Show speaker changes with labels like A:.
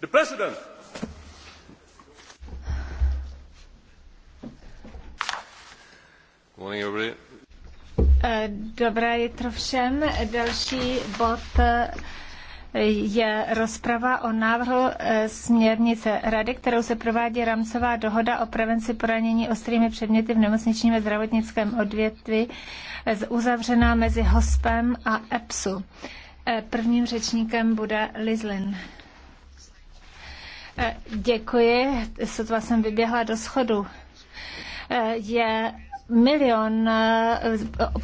A: The president. Morning, everybody.
B: Eh, dobré jitro všem. Další bod eh, je rozprava o návrhu eh, směrnice Rady, kterou se provádí rámcová dohoda o prevenci poranění ostrými předměty v nemocničním a zdravotnickém odvětví, uzavřená mezi HOSPem a EPSu. Eh, prvním řečníkem bude Lizlin. Eh, děkuji, sotva jsem vyběhla do schodu. Eh, je milion